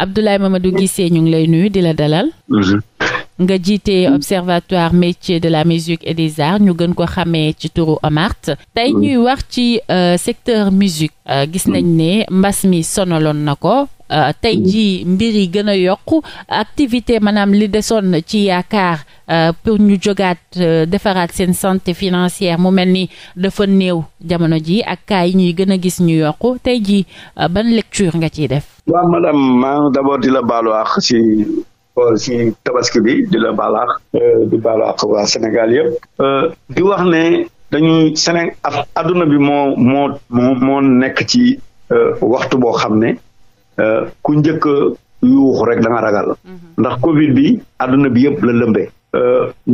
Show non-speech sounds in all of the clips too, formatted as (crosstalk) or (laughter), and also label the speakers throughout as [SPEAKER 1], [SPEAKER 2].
[SPEAKER 1] Abdoulaye Mamadou Guissé ñu ngi lay nuyu di la dalal. Mhm. nga jiite observatoire métier de la musique et des arts ñu gën ko xamee ci turu OMART tey mhm. ñuy wax ci euh, secteur musique euh, gis nañ mhm. ne mbas mi sonaloon na ko euh, tey ji mbir yi gën a yokk activité maanaam li desoon ci yaakaar pour ñu jógaat defaraat seen santé financière mu mel ni dafa néew jamono ji ak cas yi ñuy gën a gis ñu yokk tey ji ban lecture nga ciy def
[SPEAKER 2] waaw madame maa ngi d'abord di la baalu àq si si bi di la euh, baalu àq Sénégal yëpp euh, di wax ne dañuy Séné adduna bi moo moo moo nekk ci euh, waxtu boo xam ne ku njëkk yuuxu rek da ragal mhm. ndax Covid bi adduna bi yëpp la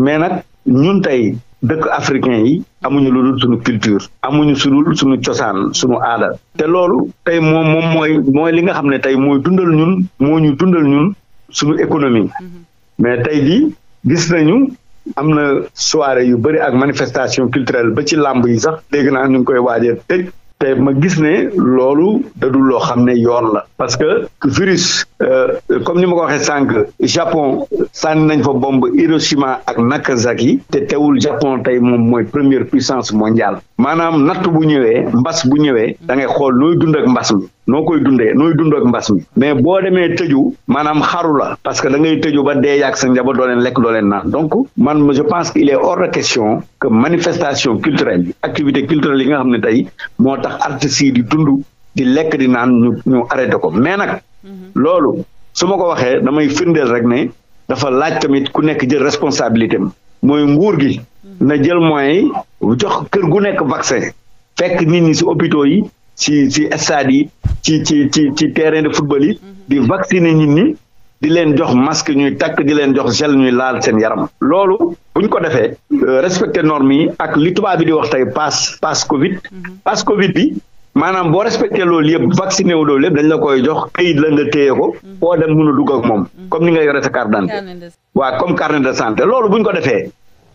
[SPEAKER 2] mais nag ñun tey dëkk africain yi amuñu lu dul suñu culture amuñu sulul suñu cosaan suñu aada te loolu tey moom moom mooy mooy li nga xam ne tey mooy dundal ñun moo ñu dundal ñun suñu économie mm-hmm. mais tey jii gis nañu am na soirée yu bëri ak manifestation culturelle ba ci làmb yi sax dégg naa ñu ngi koy waajee tëj te ma gis ne loolu dadul loo xam ne yoon la parce que virus euh, comme ni ma ko waxee sànq Japon sànni nañ fa bomb Hiroshima ak Nagasaki te teewul Japon tey moom mooy première puissance mondial maanaam natt bu ñëwee mbas bu ñëwee da ngay xool nooy dund ak mbas mi noo koy dundee nooy dund ak mbas mais boo demee tëju maanaam xaru parce que da ngay tëju ba dee yàgg sa njabo doo leen lekk doo leen naan donc man je pense qu'il est hors de question que manifestation culturelle activité culturelle yi nga xam ne tey moo tax artistes yi di dund di lekk di naan ñu ñu arrêté ko mais nag mhm. loolu su ma ko waxee damay firndeel rek ne dafa laaj tamit ku nekk jël responsabilité am mooy nguur gi mhm. jël moyens yi jox kër gu nekk vaccin fekk nit ñi ci hôpitaux yi ci ci stade yi ci ci ci ci terrain de football yi mhm. di vacciner nit ni di leen jox masque ñuy takk di leen jox gel ñuy laal seen yaram loolu buñ ko defee euh, respecter normes yi ak li tubaab bi di wax tey pass pass covid mhm. pass covid bi maanaam boo respecté lool yëpp vacciné wu loolu yëpp dañ la koy jox kayit la nga téye ko mhm. foo dem mun a dugg ak moom comme ni nga yore sa carte d'identité waa comme carnet de santé loolu bu ñu ko defee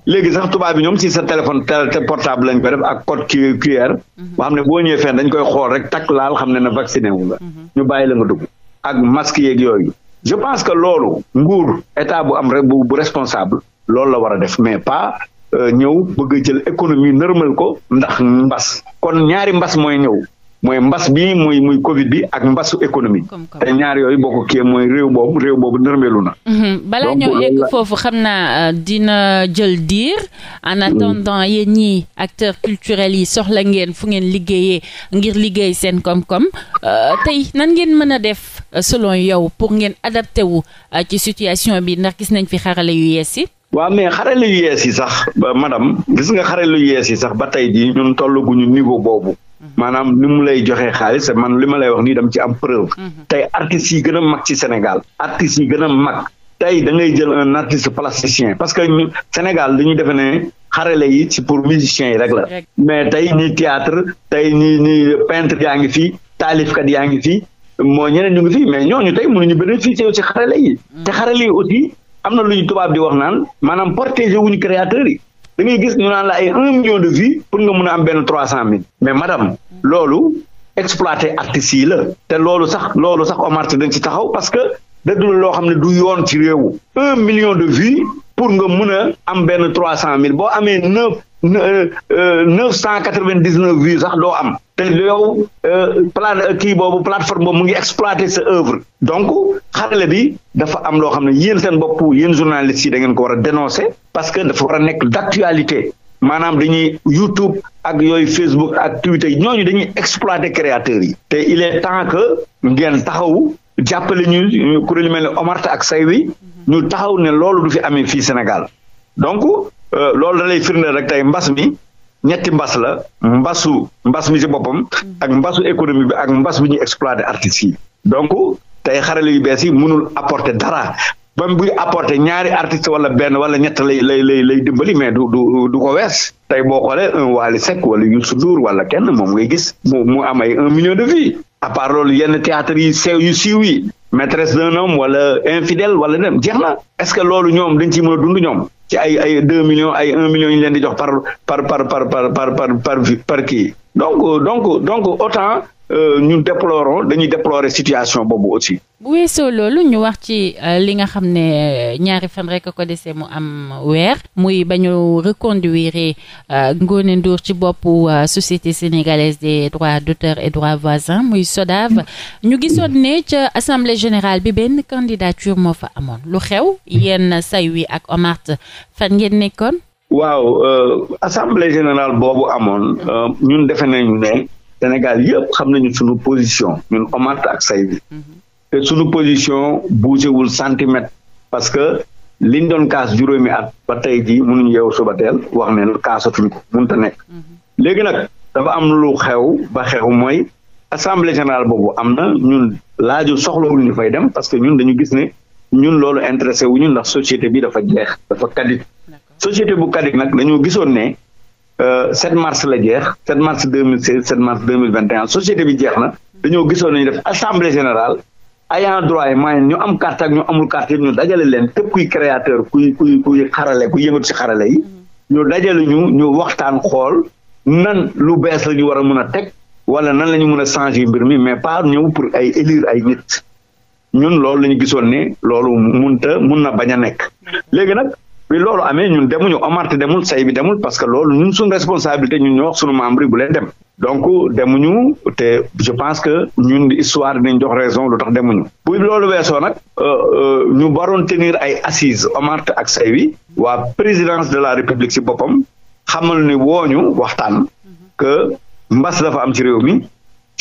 [SPEAKER 2] léegi sax tubaab bi ñoom si sa téléphone portable lañ ko def ak code QR. Mhm. boo xam ne boo ñëwee dañ koy xool rek takk laal xam ne na vacciné wu nga. Mhm. ñu bàyyi la nga dugg ak masque yeeg yooyu. je pense que loolu nguur état bu am rek bu bu responsable loolu la war a def mais pas euh, ñëw bëgg jël économie normal ko ndax mbas kon ñaari mbas mooy ñëw. mooy mbas bi mooy muy Covid bi ak mbasu économie. te ñaar yooyu boo ko mooy réew boobu réew boobu nërmeelu na.
[SPEAKER 1] Mhm. balaa ñoo egg foofu xam naa euh, dina jël diir. en mm. attendant yéen ñii acteur culturels yi soxla ngeen fu ngeen liggéeyee ngir liggéey seen koom-koom euh, tey nan ngeen mën a def euh, selon yow pour ngeen adapté wu ci situation bi ndax gis nañ fi xarale yu yees yi.
[SPEAKER 2] waaw mais xarale yu yees yi sax madame gis nga xarale yu yees yi sax ba tey jii ñun tolluguñu niveau boobu. maanaam ni mu lay joxee xaalis man li ma lay wax nii dama ci am preuve mhm. tey artistes yi gën a mag ci Sénégal artistes yi gën a mag tey da ngay jël un artiste plasticien parce que Sénégal dañuy defe ne xarale yi ci pour musiciens yi rek la mais tey ñi théâtre tey ñi ñi peintre yaa ngi fi taalifkat yaa ngi fi moo ñeneen ñu ngi fi mais ñooñu tey mënuñu bénéficier wu ci xarale yi mhm. te xarale yi aussi am na lu ñu tubaab di wax naan maanaam protéger wuñu créateurs yi da ngay gis ñu naan la ay un million de vues pour nga mën a am benn trois cent mille mais madame loolu exploité artistes yi la te loolu sax loolu sax o martir dañ ci taxaw parce que da du loo xam ne du yoon ci réew un million de vues pour nga mun a am benn trois cent mille boo amee neuf Euh, euh, neuf cent quatre vingt dix neuf vues sax loo am te yow euh, plate kii boobu plateforme boobu mu ngi exploité sa œuvre donc xarale bi dafa am loo xam ne yéen seen boppu yéen journalistes yi da ngeen ko war a dénoncer parce que dafa war a nekk d'actualité maanaam dañuy YouTube ak yooyu Facebook ak Twitter ñooñu dañuy exploiter créateurs yi te il est temps que ngeen taxaw jàppale ñu kuréel mel ne Omarta ak say wi ñu taxaw ne loolu du fi amee fii Sénégal donc Euh, loolu da lay firndeel rek tey mbas mi ñetti mbas la mbasu mbas mi ci boppam ak mbasu économie bi ak mbas bi ñuy exploité artistes yi donc tey xarale yu bees yi mënul apporter dara ba mu buy apporter ñaari artiste wala benn wala ñett lay lay lay lay dimbali mais du du du ko wees tey boo xoolee un Wally Seck wala Youssou wala kenn moom ngay gis mu mu am ay un million de à part loolu yenn théâtre yi sew yu siiw yi maîtresse d'un homme wala infidèle wala dem jeex na est-ce que loolu ñoom dañ ciy mën a dund ñoom ci ay ay deux millions ay un million ñu leen di jox par par par par par par par par par kii donc donc donc autant euh, ñun déplorons dañuy déplorer situation boobu aussi
[SPEAKER 1] bu weesoo loolu ñu wax ci euh, li nga xam ne euh, ñaari fan rek ko desee mu am weer muy ba ñu reconduire euh, Ngoné Ndour ci boppu société sénégalaise de droits d'auteur et droits voisins muy SODAV ñu gisoon ne ca assemblée générale bi benn candidature moo fa amoon lu xew yéen say wi ak OMART fan ngeen
[SPEAKER 2] nekkoon. waaw assemblée générale boobu amoon ñun defe nañu ne Sénégal yëpp xam nañu suñu position ñun OMART ak say te suñu position bougé wul centimètre parce que liñ doon kaas juróomi at ba tey ji mënuñu yeewu suba teel wax ne kaasatuñ ko mënut a nekk mhm. léegi nag dafa am lu xew ba xew mooy assemblée générale boobu am na ñun laaju soxlawul ñu fay dem parce que ñun dañu gis ne ñun loolu intéressé wu ñun ndax société bi dafa jeex dafa kadit société bu kadit nag dañoo gisoon ne 7 euh, mars la jeex 7 mars 2016 7 mars 2021 société bi jeex na mhm. dañoo gisoon nañu def assemblée générale ayant droit yi moyen ñu am carte ñu amul carte yëpp ñu dajale leen képp kuy créateur kuy kuy kuy xarale kuy yëngatu ci xarale yi mm-hmm. ñu dajale ñu ñu waxtaan xool nan lu bees la ñu war a mën a teg wala nan lañu mun a changé mbir mi mais par ñëw pour ay élire ay nit ñun loolu lañu gisoon ne loolu munta mun na bañ a nekk mm-hmm. léegi nag bi loolu amee ñun demuñu omarte demul say bi demul parce que loolu ñun suñu responsabilité ñun ñoo wax suñu membre bu leen dem donc demuñu te je pense que ñun histoire dinañ jox raison lu tax demuñu bu loolu weesoo nag euh, euh, ñu baroon tenir ay assises omarte ak say wi waa présidence de la république ci boppam xamal ni wooñu waxtaan que mbas dafa am ci réew mi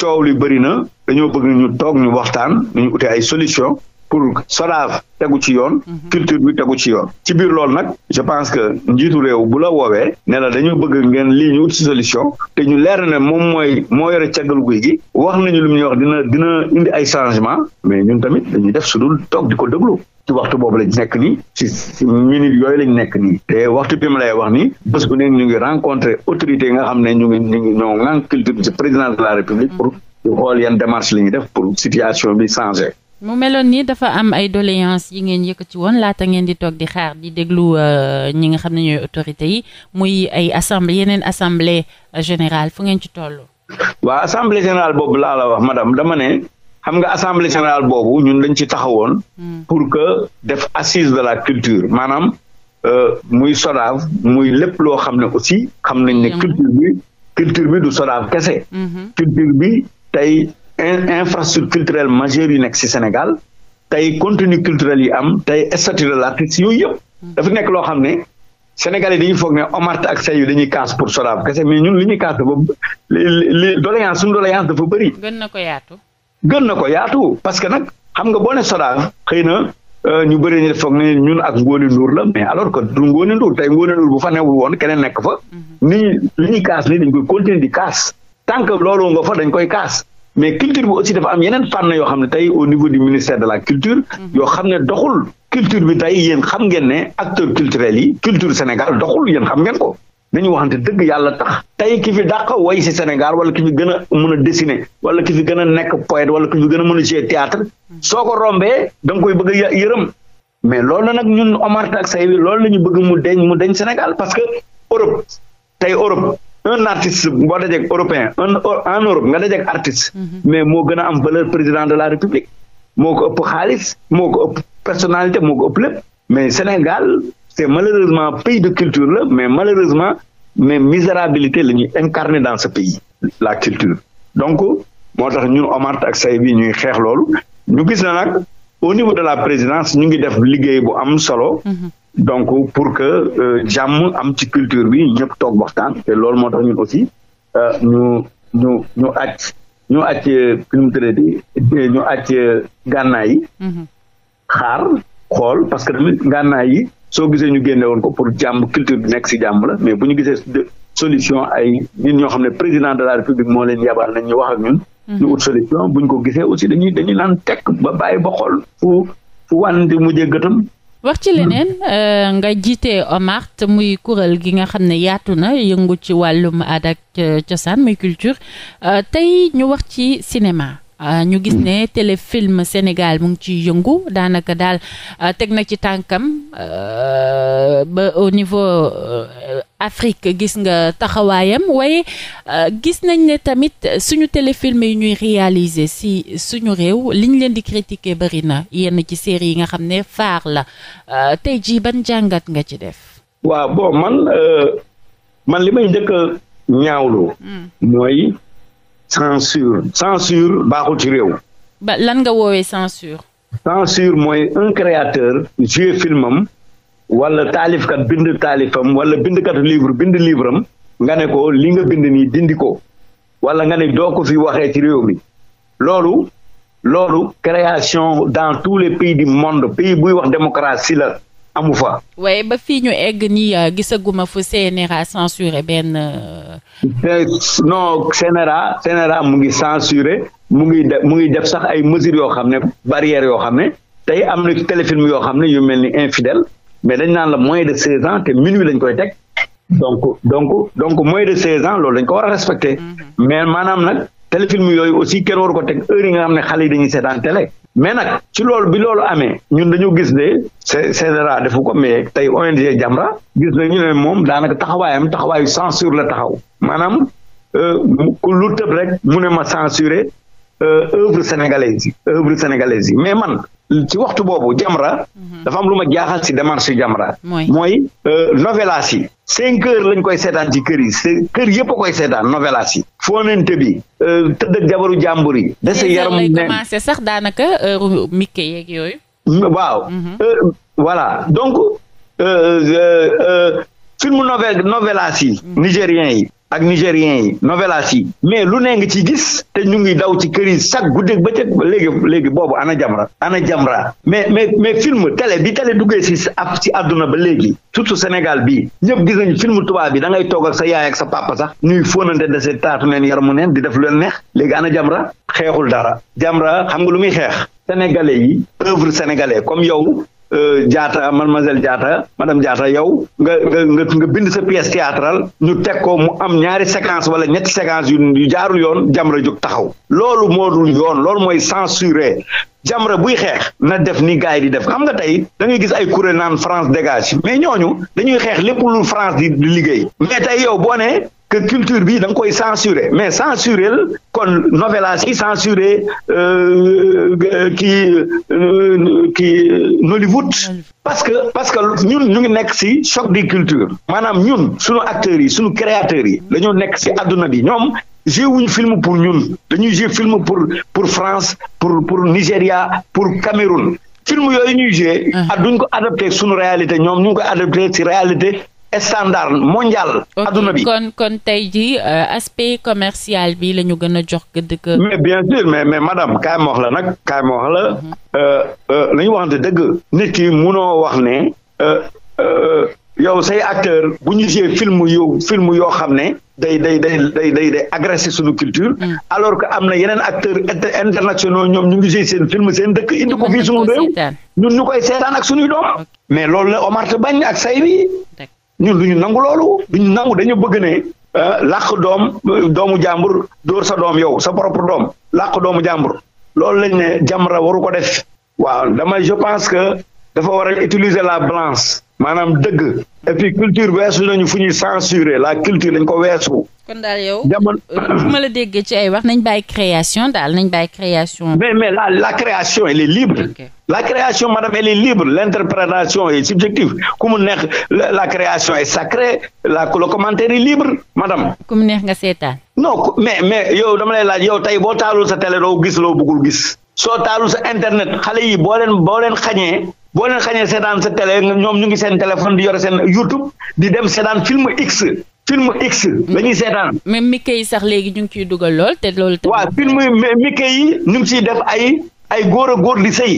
[SPEAKER 2] coow li bëri na dañoo bëgg ñu toog ñu waxtaan ñu uti ay solution pour SODAV tegu ci yoon. Mhm. culture bi tegu ci yoon. ci biir loolu nag je pense que njiitu réew bu la woowe ne la dañoo bëgg ngeen lii ñu ut si solution te ñu leer ne moom mooy moo yore càggal guy gi wax nañu lu ñuy wax dina dina indi ay changement mais ñun tamit dañuy def su dul toog di ko déglu. ci waxtu boobu lañ nekk ni si ci minute yooyu lañ nekk nii te waxtu bi ma lay wax ni bés bu ne ñu ngi rencontré autorités yi nga xam ne ñu ngi ñu ngi ñoo ŋànk culture ci président de la république pour ñu xool yan démarche def pour situation bi changer
[SPEAKER 1] mu meloon ni dafa am ay doléance yi ngeen yëkkati woon laata ngeen di toog di xaar di déglu euh, ñi nga xam ne ñooy autorités yi muy ay assemblée yeneen assemblée euh, générale fu ngeen ci toll.
[SPEAKER 2] waaw assemblée générale boobu laala la wax madame dama ne xam nga assemblée générale boobu ñun dañ ci taxawoon. Hmm. pour que def assise de la culture maanaam euh, muy SODAV muy lépp loo xam ne aussi xam nañ ne culture bi culture bi du SODAV kese. Hmm. culture bi tey infrastructure culturelle majeure yu nekk ci Sénégal tey contenu culturel yi am tey statut de l'artiste yooyu yëpp nekk loo xam ne Sénégalais dañuy foog ne Omart ak Seyou dañuy kaas pour Sodav kese mais ñun li ñuy kaas dafa li doléance suñu doléance dafa bëri.
[SPEAKER 1] gën na ko yaatu.
[SPEAKER 2] gën na ko yaatu parce que nag xam nga boo ne Sodav na euh, ñu bëri ñu foog ne ñun ak Ngóone Ndour la mais alors que du Ngóone tey Ngóone Ndour bu fa newul woon keneen nekk fa. Mhm. nit ñi li ñuy kaas nii dañ koy continuer di kaas tant loolu nga fa dañ koy mais culture bi aussi dafa am yeneen fànn yoo xam ne tey au niveau du ministère de la culture mhm. yoo xam ne doxul culture bi tey yen xam ngeen ne acteurs culturel yi culture Sénégal doxul yéen xam ngeen ko nañu waxante dëgg yàlla tax tey ki fi dàq way si Sénégal wala ki fi gën a mën a dessiner wala ki fi gën a nekk poète wala ki fi gën a mën a jouer théâtre mhm. soo ko rombee da koy bëgg a yërëm mais loolu la nag ñun Omar ak say bi loolu la ñu bëgg mu deñ mu deñ Sénégal parce que Europe tey Europe un artiste boo dajeeg européen un en Europe nga dajeeg artiste. Mhm. mais moo gën a am valeur président de la république. moo ko ëpp xaalis moo ko ëpp personnalité moo ko ëpp lépp mais Sénégal c'est malheureusement pays de culture la mais malheureusement mais misérabilité la ñuy incarner dans ce pays. la culture donc moo tax ñun Omart ak say bi ñuy xeex loolu ñu gis na nag au niveau de la présidence ñu ngi def liggéey bu am solo. Mhm. donc pour que euh, jàmm am ci culture bi ñëpp toog waxtaan te loolu moo tax ñun aussi euh, ñu ñu ñu àcc ñu àcc nu mu tëddee ñu àcc gànnaay yi. Mhm. xaar xool parce que tamit gànnaay yi soo gisee ñu génne woon ko pour jàmm culture bi nekk si jàmm la mais bu ñu gisee solution ay ñun ñoo xam ne président de la république moo leen yabal nañ ñu wax ak mhm. ñu ut solution bu ko gisee aussi dañuy dañuy naan tekk ba bàyyi ba xool fu fu wànte mujjee gëtam
[SPEAKER 1] wax ci leneen (clears throat) euh, nga jiite omar te muy kuréel gi nga xam ne yaatu na yëngu ci wàllum aada ak euh, cosaan muy culture euh, tey ñu wax ci cinéma. Euh, ñu gis ne téléfilm Sénégal mu ngi ciy yëngu daanaka daal euh, teg na ci tànkam euh, ba au niveau Afrique gis nga taxawaayam waaye gis nañ ne tamit suñu téléfilm yi ñuy réaliser si suñu réew liñ leen di critiquer bari na yenn ci série yi nga xam ne faar la tey jii ban jàngat nga ci def.
[SPEAKER 2] waaw bon man li may njëkk a hmm. mooy. censure censure baaxul ci réew.
[SPEAKER 1] ba lan nga woowee censure.
[SPEAKER 2] censure mooy un créateur joué filmam wala taalifkat bind taalifam wala bindkat livre bind livre am nga ne ko li nga bind nii dindi ko wala nga ne doo ko fi waxee ci réew mi loolu loolu création dans tous les pays du monde pays buy wax démocratie la. amu fa.
[SPEAKER 1] waaye ba fii ñu egg nii euh, gisaguma fu CNRA censuré benn. Euh,
[SPEAKER 2] non CNRA CNRA mu ngi censuré mu ngi def mu ngi def sax ay mesures yoo xam ne barrières yoo xam ne tey am na téléfilm yoo xam ne yu mel ni infidèle mais dañ naan la moins de seize ans te minuit lañ koy teg donc donc donc moins de seize ans loolu dañ ko war a respecté mhm. mais maanaam nag téléfilm yooyu aussi kenn waru ko teg heure yi nga xam ne xale yi dañuy seetaan télé. mais nag ci loolu bi loolu amee ñun dañu gis ne CNRA defu ko mais tey ONG Jamra gis ñu ne moom daanaka taxawaayam taxawaayu censure la taxaw maanaam euh, ku lu tëb rek mu ne ma censuré euh, œuvre sénégalaise yi œuvre sénégalaise yi mais man ci waxtu boobu Jamra mhm. dafa am lu ma jaaxal ci démarche Jamra mooy euh, novelas yi cinq heures lañ koy seetaan ci kër yi kër yëpp koy seetaan novelas yi foonante bi euh, tëdd ak jabaru jàmbur yi. da sa yaram lay commencé
[SPEAKER 1] sax daanaka heure mikke yeeg yooyu.
[SPEAKER 2] waaw. Mhm. Euh, voilà donc euh, film novel novelas yi. Mhm. nigériens yi. ak nigérien yi novelas yi mais lu ne nga ci gis te ñu ngi daw ci kër yi chaque guddeeg bëccëg léegi léegi boobu ana jamra ana jamra mais mais mais film télé bi télé duggee si ab si àdduna ba léegi surtout Sénégal bii ñëpp gis nañu film tubaab bi dangay toogal sa yaay ak sa papa sax ñuy fóonante de se taatu neen yaramu neen di def lu leen neex léegi ana jamra xeexul dara jamra xam nga lu muy xeex sénégalais yi œuvre sénégalais comme yow Euh, Diatta mademoiselle Diatta madame Diatta yow nga nga nga bind sa pièce théâtrale ñu teg ko mu am ñaari séquence wala ñetti séquence yu jaarul yoon Jamra jóg taxaw loolu moo dul yoon loolu mooy censuré Jamra buy xeex na def ni gars yi di def xam nga tey da ngay gis ay kuréel naan France dégage mais ñooñu dañuy xeex lépp lu France di liggéey mais tey yow boo que culture bi da nga koy censurer mais censurer kon novelas yi censurer euh, euh, kii euh, kii Nollywood parce que parce que ñun ñu ngi nekk si choc des cultures maanaam ñun suñu acteurs yi suñu créateurs yi dañoo nekk si aduna bi ñoom joué wuñ film pour ñun dañuy joué film pour pour France pour pour Nigéria pour Cameroun film yooyu ñu joué. Uh-huh. ak ah, duñ ko adapté suñu réalité ñoom ñu ngi ko adapté ci réalité standard mondial. adduna bi kon
[SPEAKER 1] kon tey jii euh, aspect commercial bi la ñu gën a jox gëdd ko. mais bien sûr mais mais madame kaay ma wax la nag
[SPEAKER 2] kaay ma wax la. la mhm. euh, euh, ñu waxante dëgg. nit ki munoo wax ne. yow say acteur bu ñu gisee film yu film yoo xam ne day day day day day day agressé suñu culture. Mm. alors que am na yeneen acteur internationaux ñoom ñu ngi gisee seen film seen dëkk indi ko fii réew. ñun ñu koy seetaan ak suñuy doom. mais loolu la Omar Te bañ ak say bi ñun du ñu nangu loolu du ñu nangu dañu bëgg ne euh, làq doom doomu jàmbur dóor sa doom yow sa propre doom làq doomu jàmbur loolu lañ ne Jamra waru ko def waaw dama je pense que dafa war a utiliser la balance maanaam dëgg et puis culture weesu ñu fu ñuy censurer la culture ñu ko weesu. kon daal yow jamono
[SPEAKER 1] bu euh, ma la déggee ci ay wax nañ bàyyi création daal nañ bàyyi création. mais la
[SPEAKER 2] création elle est libre. la création madame elle est libre l'interprétation est subjective ku mu neex la création est sacrée la le commentaire est libre madame.
[SPEAKER 1] ku mu neex nga seetaan.
[SPEAKER 2] non mais mais yow dama lay laaj yow tey boo taalul sa tele doo gis loo bëggul gis. soo taalul sa internet xale yi boo leen boo leen xañee. boo leen xañee seetaan sa télé ñoom ñu ngi seen téléphone di yore seen YouTube di dem seetaan film X. film X la ñuy seetaan.
[SPEAKER 1] mi Mickey yi sax léegi ñu ngi ciy dugal lool te
[SPEAKER 2] lool loolu. waaw film Mickey yi ñu ngi ciy def ay ay góor a góor di sëy.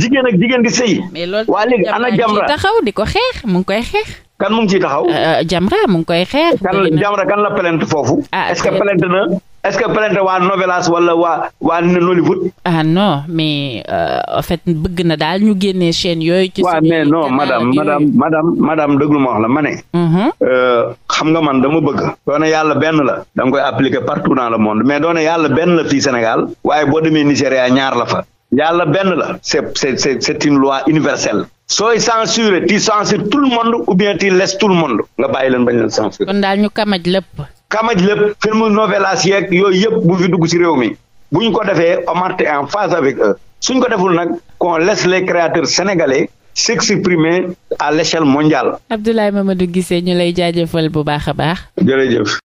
[SPEAKER 2] jigéen ak jigéen di sëy. mais loolu waa léegi ana Jamra taxaw
[SPEAKER 1] di ko xeex mu ngi koy xeex. kan mu ngi ciy taxaw. Euh, euh, Jamra mu ngi koy xeex. kan Jamra kan la plainte foofu. Ah, est-ce que plainte na.
[SPEAKER 2] est-ce que plainte waa Novelas wala waa waa Nollywood.
[SPEAKER 1] ah non mais euh, en fait bëgg na daal ñu génnee chaîne yooyu. ci waaw mais non madame madame
[SPEAKER 2] madame madame déglu ma wax la ma ne. Mhm. Euh, nga man dama bëgg. doone yàlla benn la. da nga koy appliquer partout dans le monde mais doone yàlla benn la fii boo demee Nigéria ñaar la fa. yàlla benn la. c'est c'est c'est une loi universelle. sooy censuré tu censures tout le monde ou bien tu laisses tout le monde. nga bàyyi leen bañ leen censurer.
[SPEAKER 1] kon daal ñu kamaj lépp.
[SPEAKER 2] kamaj lépp film novelas yeeg yooyu yëpp bu fi dugg ci réew mi bu ñu ko defee Omar te en phase avec eux suñ ko deful nag qu'on laisse les créateurs sénégalais s'exprimer à l'échelle mondiale.
[SPEAKER 1] Abdoulaye Mamadou gisee ñu lay jaajëfal bu baax a baax.
[SPEAKER 2] jërëjëf.